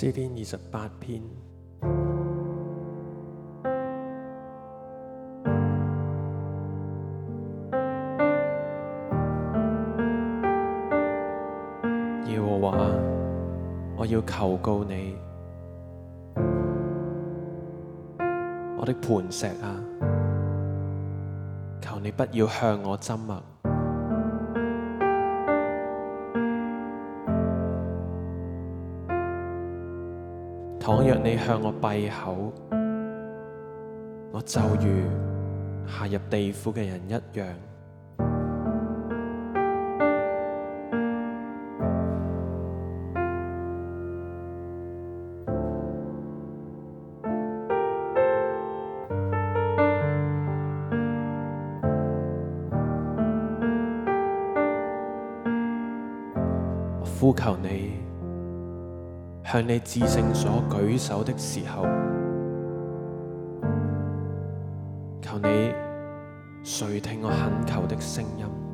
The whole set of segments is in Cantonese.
詩篇二十八篇，耶和華，我要求告你，我的磐石啊，求你不要向我針密啊。倘若你向我閉口，我就如下入地府嘅人一樣，我呼求你。向你至聖所舉手的時候，求你垂聽我懇求的聲音。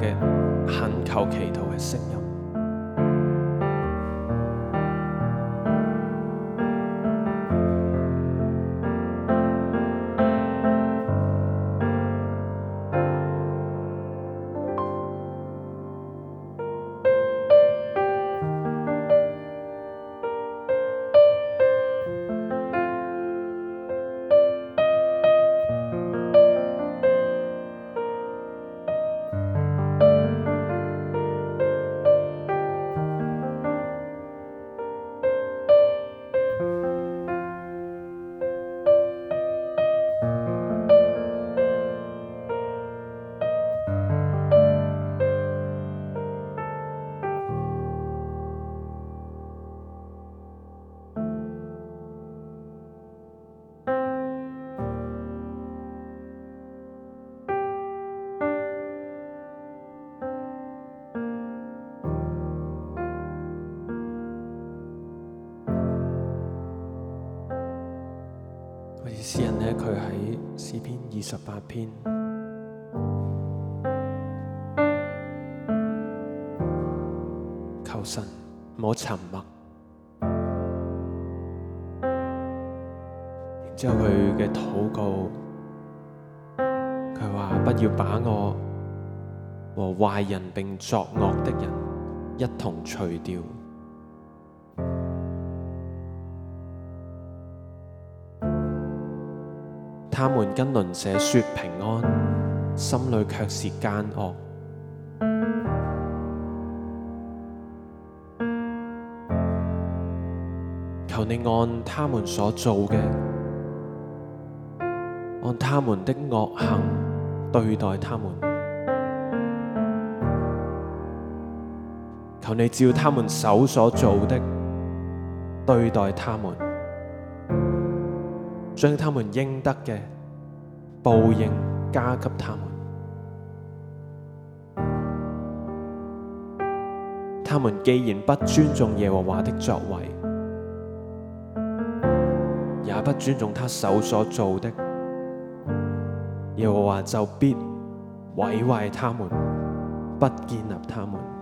嘅懇求祈禱嘅聲音。佢喺詩篇二十八篇，求神唔好沉默。然之後佢嘅禱告，佢話：不要把我和壞人並作惡的人一同除掉。他們跟鄰舍説平安，心裏卻是奸惡。求你按他們所做嘅，按他們的惡行對待他們。求你照他們手所做的，對待他們。將他們應得嘅報應加給他們。他們既然不尊重耶和華的作為，也不尊重他手所做的，耶和華就必毀壞他們，不建立他們。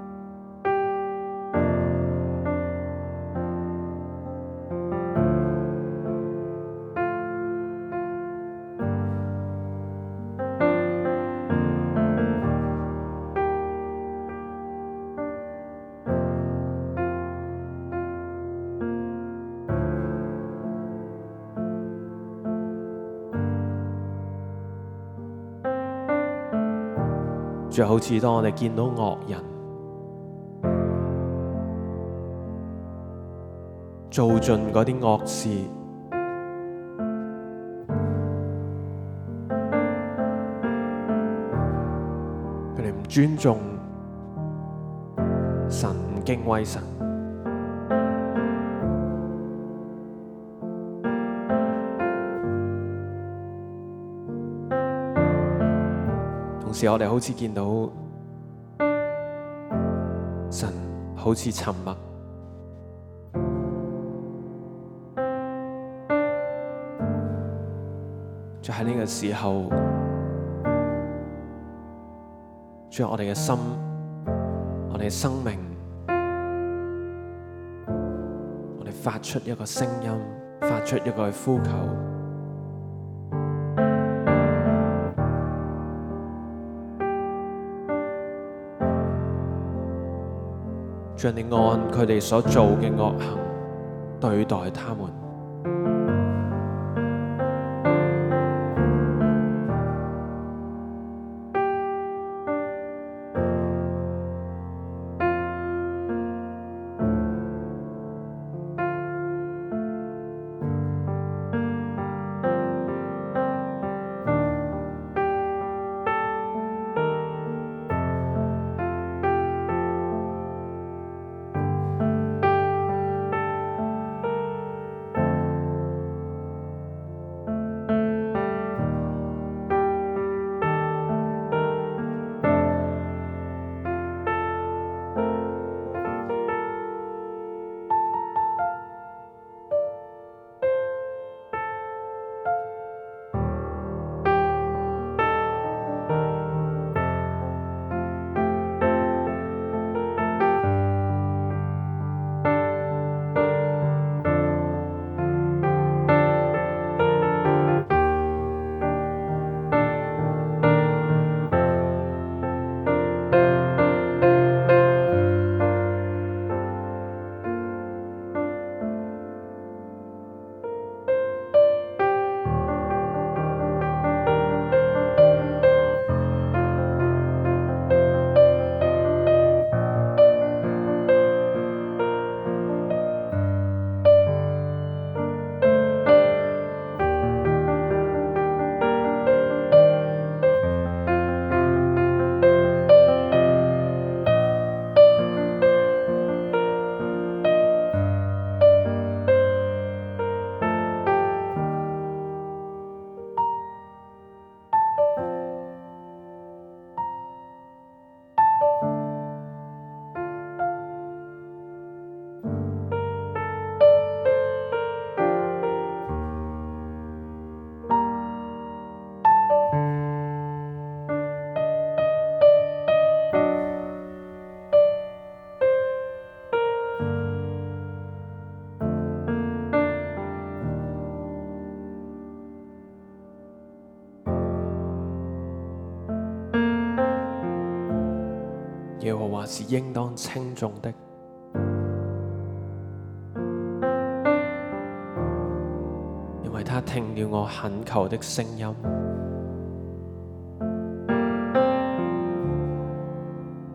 就好似當我哋見到惡人做盡嗰啲惡事，佢哋唔尊重神，唔敬畏神。當時我哋好似見到神好似沉默，就喺呢個時候，將我哋嘅心、我哋嘅生命、我哋發出一個聲音，發出一個呼求。讓你按佢哋所做嘅惡行對待他們。是應當稱頌的，因為他聽了我懇求的聲音，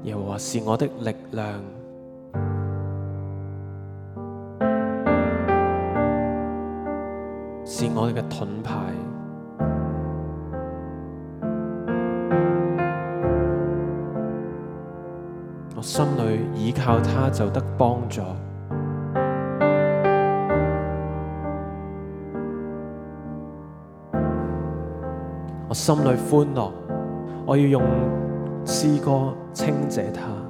耶和是我的力量，是我嘅盾牌。我心裏依靠他，就得幫助。我心裏歡樂，我要用詩歌稱謝他。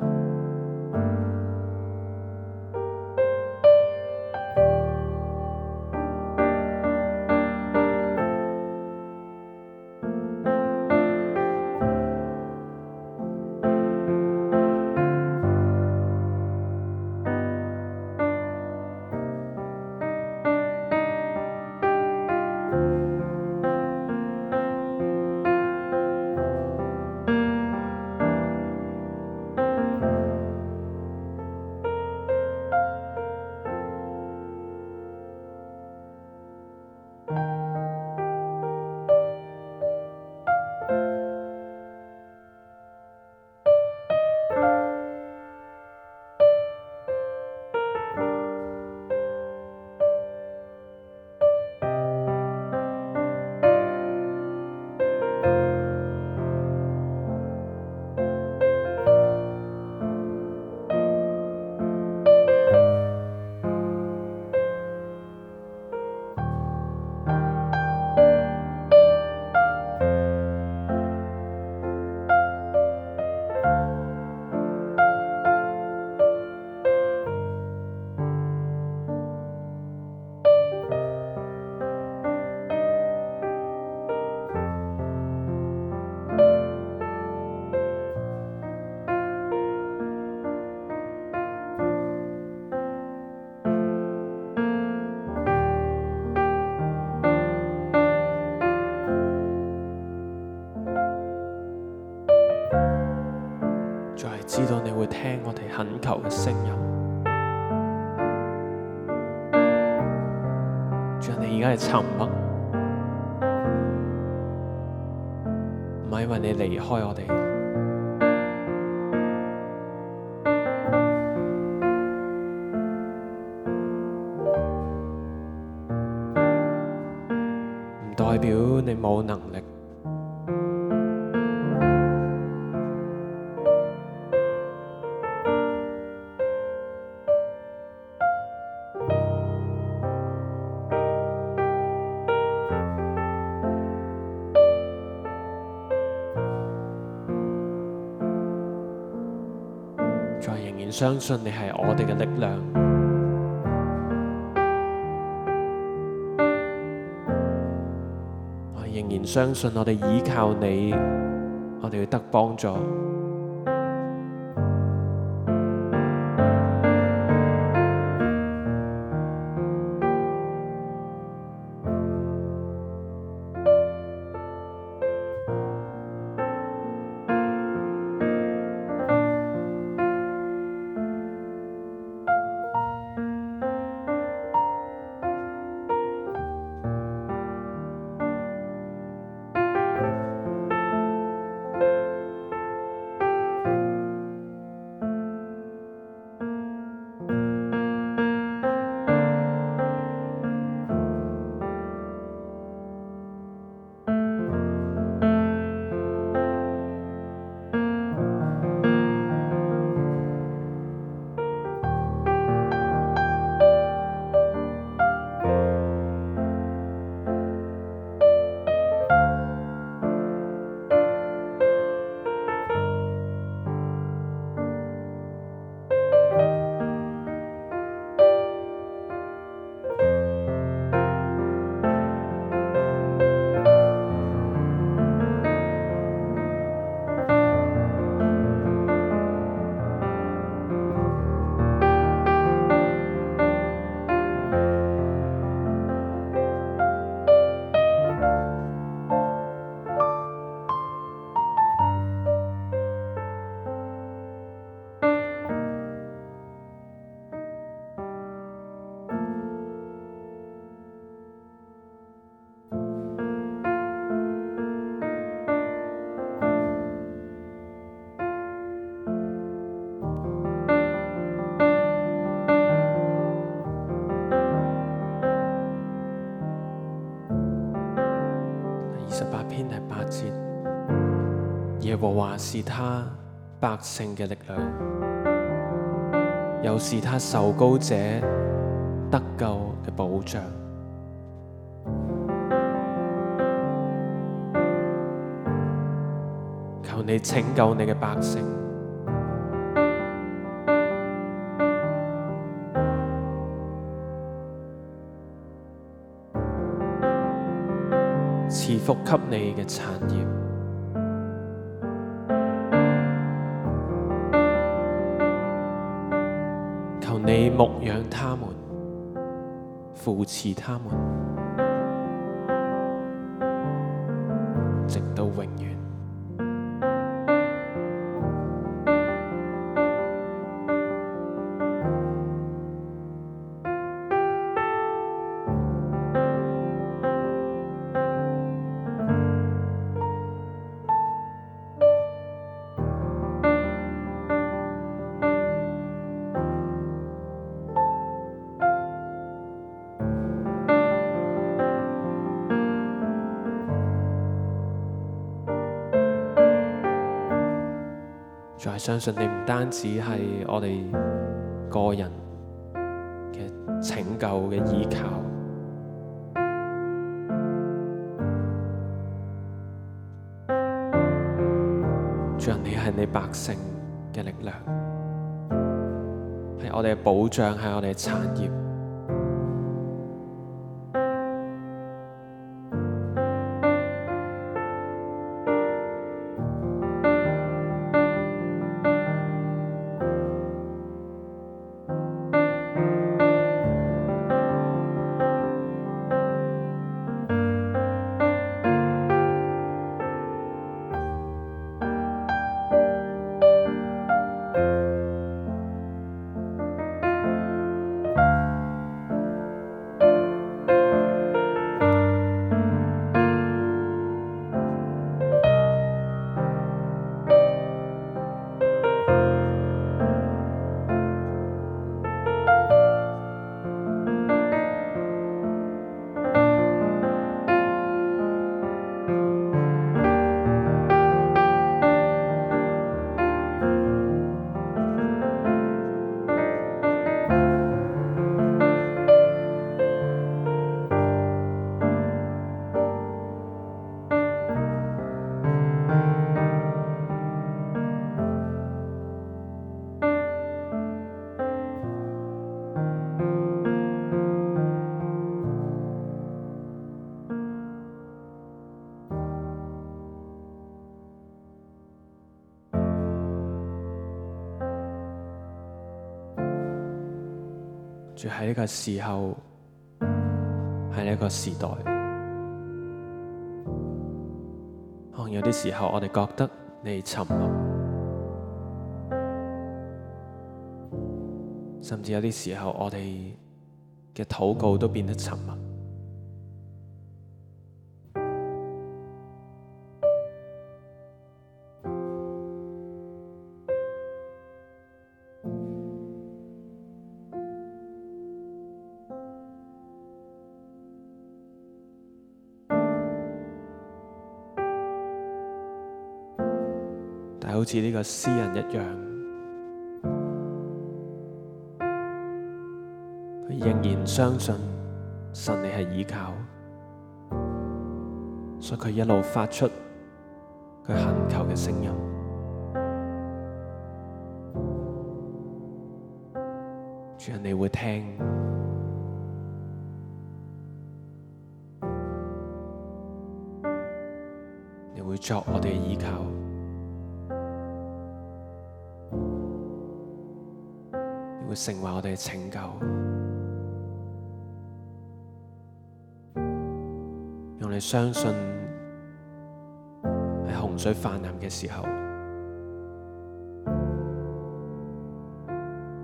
聽我哋懇求嘅聲音，主你而家嘅沉默，唔係因為你離開我哋。相信你係我哋嘅力量，我仍然相信我哋依靠你，我哋會得幫助。或是他百姓嘅力量，又是他受膏者得救嘅保障。求你拯救你嘅百姓，賜福給你嘅產業。牧養他們，扶持他們。相信你唔單止係，我哋個人嘅拯救嘅依靠，主啊， 你係你百姓嘅力量，係我哋嘅保障，係我哋嘅產業。住喺呢個時候，喺呢個時代，可能有啲時候我哋覺得你沉默，甚至有啲時候我哋嘅禱告都變得沉默。似呢個詩人一樣，佢仍然相信神你係依靠，所以佢一路發出佢懇求嘅聲音。主人，你會聽，你會作我哋嘅依靠。會成為我哋嘅拯救，讓你相信喺洪水氾濫嘅時候，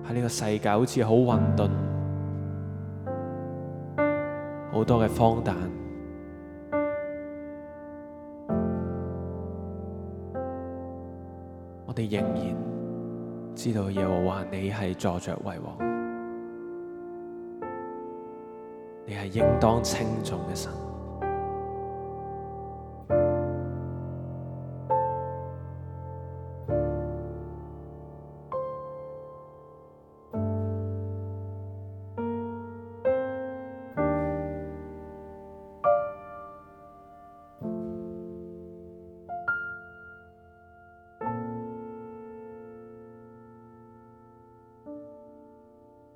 喺呢個世界好似好混沌，好多嘅荒誕，我哋仍然。知道耶和華你係坐著為王，你係應當稱重嘅神。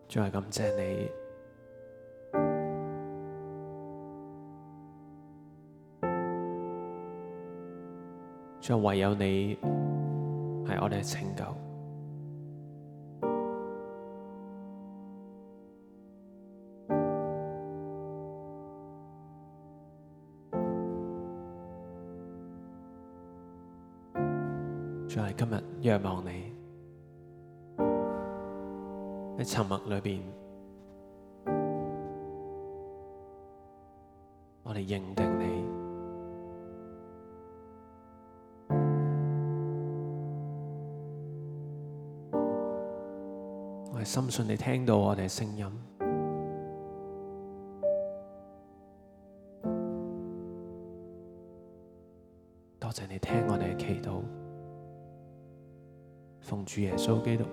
仲係感謝你，仲唯有你係我哋嘅拯救。裏邊，我哋認定你，我係深信你聽到我哋嘅聲音，多謝你聽我哋嘅祈禱，奉主耶穌基督。